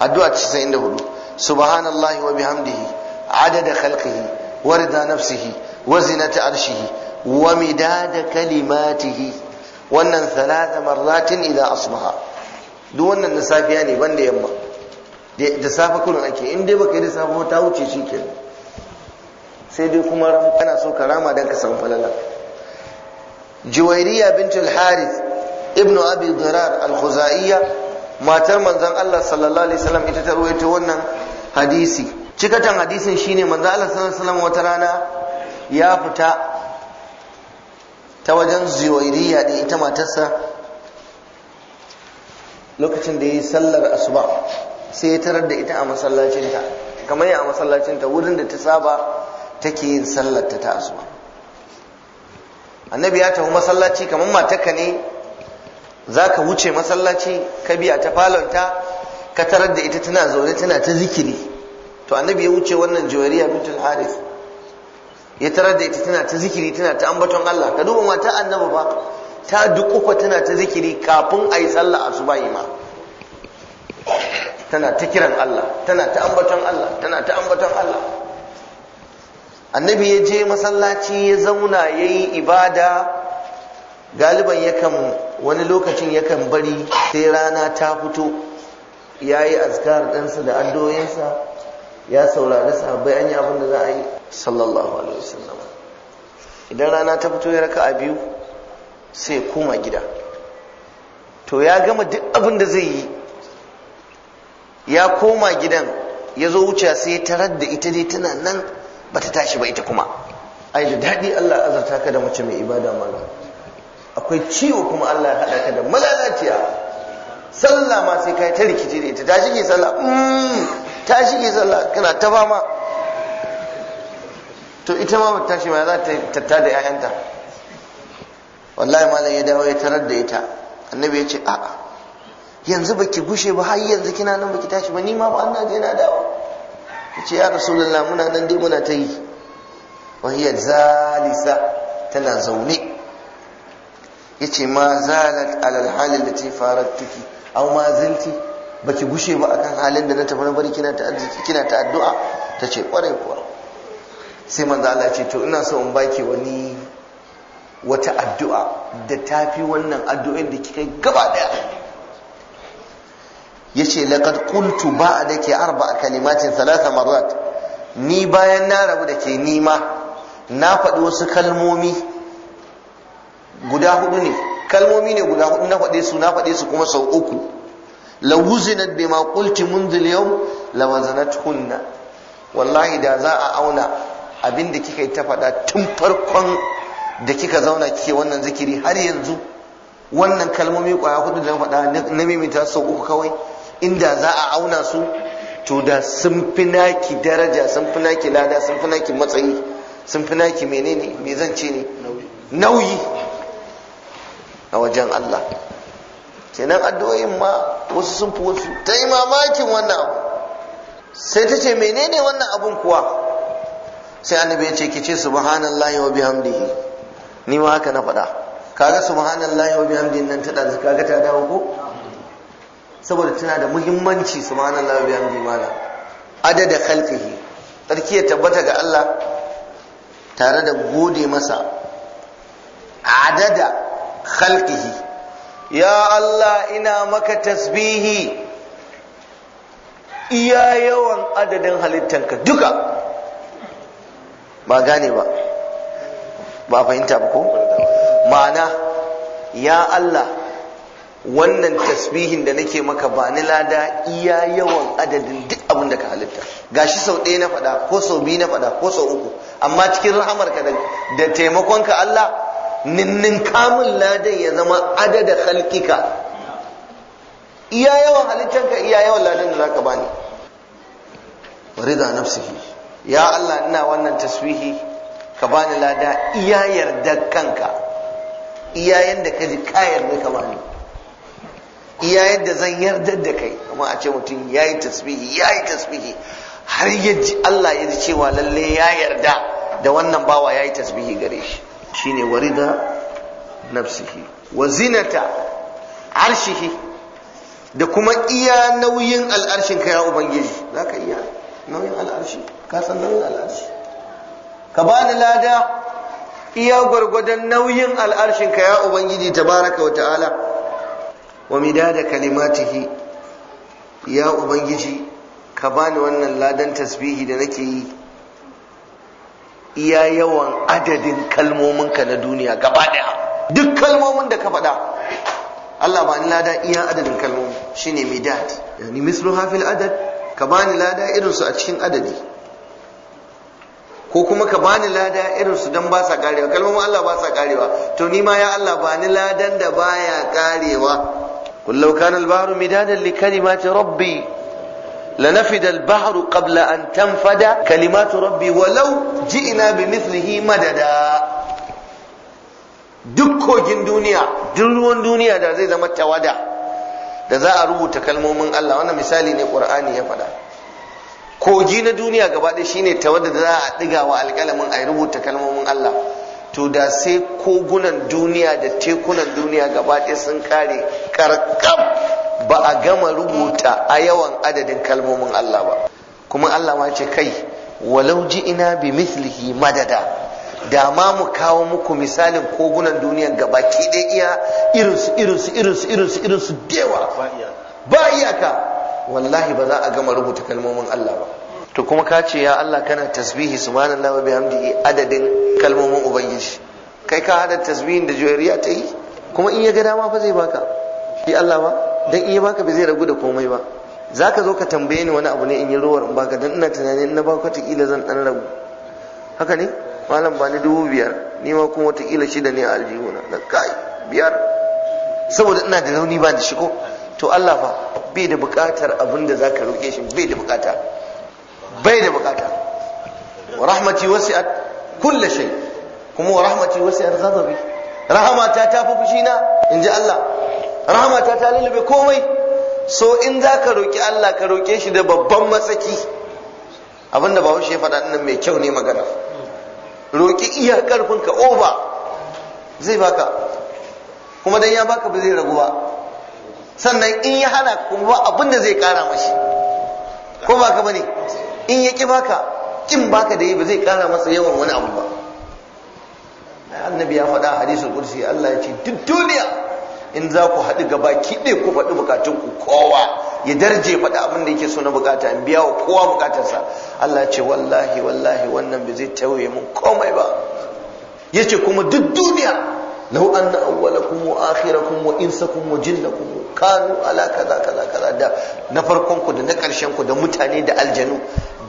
addu'a 94 subhanallahi wa bihamdihi adada khalqihi wa rida nafsihi wa zinata arshihi wa midada kalimatihi wannan thalatha marratin idza asbaha duk wannan na safiya ne banda yamma da safe kullum ake in dai baka yi da safe ta wuce shi sai dai kuma ram kana so ka rama dan ka samu falala juwairiya bintul harith ibnu abi dirar al-khuzaiya matar manzon Allah sallallahu alaihi wasallam ita ta ruwaito wannan hadisi cikatan hadisin shine manzon Allah sallallahu alaihi wasallam wata rana ya fita ta wajen zuwairiya da ita matarsa lokacin da ya yi sallar asuba sai ya tarar da ita a masallacinta kamar ya a masallacinta wurin da ta saba take yin sallar ta asuba annabi ya tafi masallaci kamar matarka ne za ka wuce masallaci ka biya ta falonta ka tarar da ita tana zaune tana ta zikiri to annabi ya wuce wannan jawariya bintul haris ya tarar da ita tana ta zikiri tana ta ambaton Allah ka duba mata annabi ba ta dukufa tana ta zikiri kafin a yi sallah asuba ma tana ta kiran Allah tana ta ambaton Allah tana ta ambaton Allah annabi ya je masallaci ya zauna ya yi ibada galiban yakan wani lokacin yakan bari sai rana ta fito ya yi azkar ɗansa da addoyinsa ya saurari sahabbai an yi abin da za a yi sallallahu alaihi wasallam idan rana ta fito ya raka a biyu sai koma gida to ya gama duk abin da zai yi ya koma gidan ya zo wuce sai ya tarar da ita dai tana nan ba ta tashi ba ita kuma ai da daɗi Allah azarta ka da mace mai ibada malam akwai ciwo kuma Allah ya haɗa ka da malalaciya sallah ma sai kai ta rikici da ita ta shige sallah mm, ta shige sallah kana ta fama to ita ma bata tashi ma za ta tatta da ƴaƴanta wallahi malam ya dawo ya tarar da ita annabi ya ce a'a yanzu baki gushe ba har yanzu kina nan baki tashi ba ni ma ba Allah da na dawo ce ya rasulullah muna nan dai muna ta yi hiya zalisa tana zaune yace ma zalat alal halin da ce farar tuki au ma zilti baki gushe ba akan halin da na tafi na bari kina ta kina ta addu'a tace kwarai kuwa sai manzo Allah ce to ina so in baki wani wata addu'a da tafi wannan addu'in da kika gaba daya yace laqad qultu arba arba'a kalimatin thalatha marrat ni bayan na rabu da ke nima na faɗi wasu kalmomi guda hudu ne kalmomi ne guda hudu na faɗe su na faɗe su kuma sau uku la wuzinat bima qulti mundu al-yawm wallahi da za a auna abin da kika yi ta faɗa tun farkon da kika zauna kike wannan zikiri har yanzu wannan kalmomi kwaya hudu da na faɗa na mimita sau uku kawai inda za a auna su to da sun fi naki daraja sun fi naki lada sun fi naki matsayi sun fi naki menene me zan ce ne nauyi a wajen Allah kenan addu'o'in ma wasu sun fi wasu ta yi mamakin wannan abu sai ta ce menene wannan abun kuwa sai annabi ya ce ki ce subhanallahi wa bihamdihi ni ma haka na faɗa kaga subhanallahi wa bihamdihi nan ta dazu kaga ta dawo ko saboda tana da muhimmanci subhanallahi wa bihamdihi mana adada khalqihi tsarki ya tabbata ga Allah tare da gode masa adada khalqihi ya Allah ina maka tasbihi iya yawan adadin halittanka duka ba gane ba ba fahimta ba ko ma'ana ya Allah wannan tasbihin da nake maka ba ni lada iya yawan adadin duk abin da ka halitta gashi sau ɗaya na faɗa ko sau biyu na faɗa ko sau uku amma cikin rahamarka da taimakonka Allah ninnin kamun ladan ya zama adada halkika iya yawan halittanka iya yawan ladan da zaka bani rida nafsihi ya Allah ina wannan taswihi ka bani lada iya yardar kanka iya yanda ka ji ka yarda ka bani iya yanda zan yardar da kai kuma a ce mutum ya yi tasbihi ya yi tasbihi har yaji Allah ya ji cewa lalle ya yarda da wannan bawa ya yi tasbihi gare shi shine warida nafsihi wa zinata arshihi da kuma iya nauyin al'arshin ka ya ubangiji ka iya nauyin al'arshi ka san nauyin al'arshi ka bani lada iya gwargwadon nauyin al'arshin ka ya ubangiji tabaraka wa ta'ala wa midada kalimatihi ya ubangiji ka bani wannan ladan tasbihi da nake yi iya yawan adadin kalmomin ka na duniya gaba daya duk kalmomin da ka faɗa Allah ba ni lada iya adadin kalmomi shine midad yani mislu hafil adad ka bani lada irin su a cikin adadi ko kuma ka bani lada irin su dan ba sa karewa kalmomin Allah ba sa karewa to ni ma ya Allah ba ni ladan da baya karewa قل kana al-bahru midadan li kalimati rabbi al bahru qabla an tanfada Kalimatu rabbi walau. ji'ina bi mithlihi madada duk kogin duniya duk ruwan duniya da zai zama tawada da za a rubuta kalmomin Allah wannan misali ne Qur'ani ya faɗa kogi na duniya gaba ɗaya shine tawada da za a ɗiga wa alƙalamin a rubuta kalmomin Allah to da sai kogunan duniya da tekunan duniya gaba ɗaya sun kare karkam ba a gama rubuta a yawan adadin kalmomin Allah ba kuma Allah ma ce kai walau ina bi mislihi madada da ma mu kawo muku misalin kogunan duniyan baki da iya irinsu irinsu irinsu irinsu irinsu dewa ba iyaka wallahi ba za a gama rubuta kalmomin Allah ba to kuma ka ce ya Allah kana tasbihi subhanallahi wa bihamdihi adadin kalmomin ubangiji kai ka hada tasbihin da juwariya ta yi kuma in ya ga dama fa zai baka shi Allah ba dan in ya baka bai zai ragu da komai ba za ka zo ka tambaye ni wani abu ne in yi ruwar in baka don ina tunanin na baka wataƙila zan ɗan rabu haka ne malam ba ni dubu biyar ni ma kuma wataƙila shida ne a aljihuna na kai biyar saboda ina da rauni ba da shi ko to Allah fa bai da buƙatar abin da za ka roƙe shi bai da buƙata bai da buƙata wa rahmati wasi'at kulli shay kuma wa rahmati wasi'at ghadabi Rahama ta fi fushina in ji Allah ta ta lullube komai so in za ka roƙi Allah ka roƙe shi da babban matsaki abinda ba ya faɗa nan mai kyau ne magana roƙi iya ƙarfinka over zai baka kuma dan ya baka ba zai ragu ba sannan in ya hana kuma abinda zai ƙara mashi ko ba ka bane in ya ƙi baka ƙin baka da yi ba zai ƙara masa yawan wani abu ba annabi ya faɗa hadisul kursi Allah ya ce duk duniya in za ku haɗu gaba kiɗe ku faɗi bukatun ku kowa ya darje faɗi abin da yake so na bukata in biya wa kowa bukatarsa Allah ce wallahi wallahi wannan bai zai tauye mun komai ba Ya ce kuma duk duniya law anna kuma wa akhirakum insa insakum wa kuma kanu ala kaza kaza kaza da na farkon ku da na ƙarshen ku da mutane da aljanu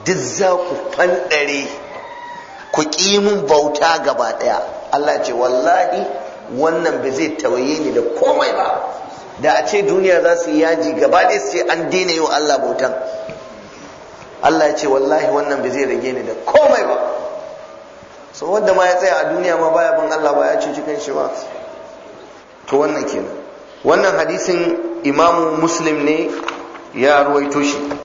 duk za ku fanɗare ku ƙi mun bauta gaba ɗaya Allah ce wallahi wannan ba zai tawaye ni da komai ba da a ce duniya za su yi yaji gaba ɗaya su ce an daina yi wa Allah bautan Allah ya ce wallahi wannan ba zai rage ni da komai ba so wanda ma ya tsaya a duniya ma baya bin Allah ba ya ce cikin shi ba to wannan kenan wannan hadisin imamu muslim ne ya ruwaito shi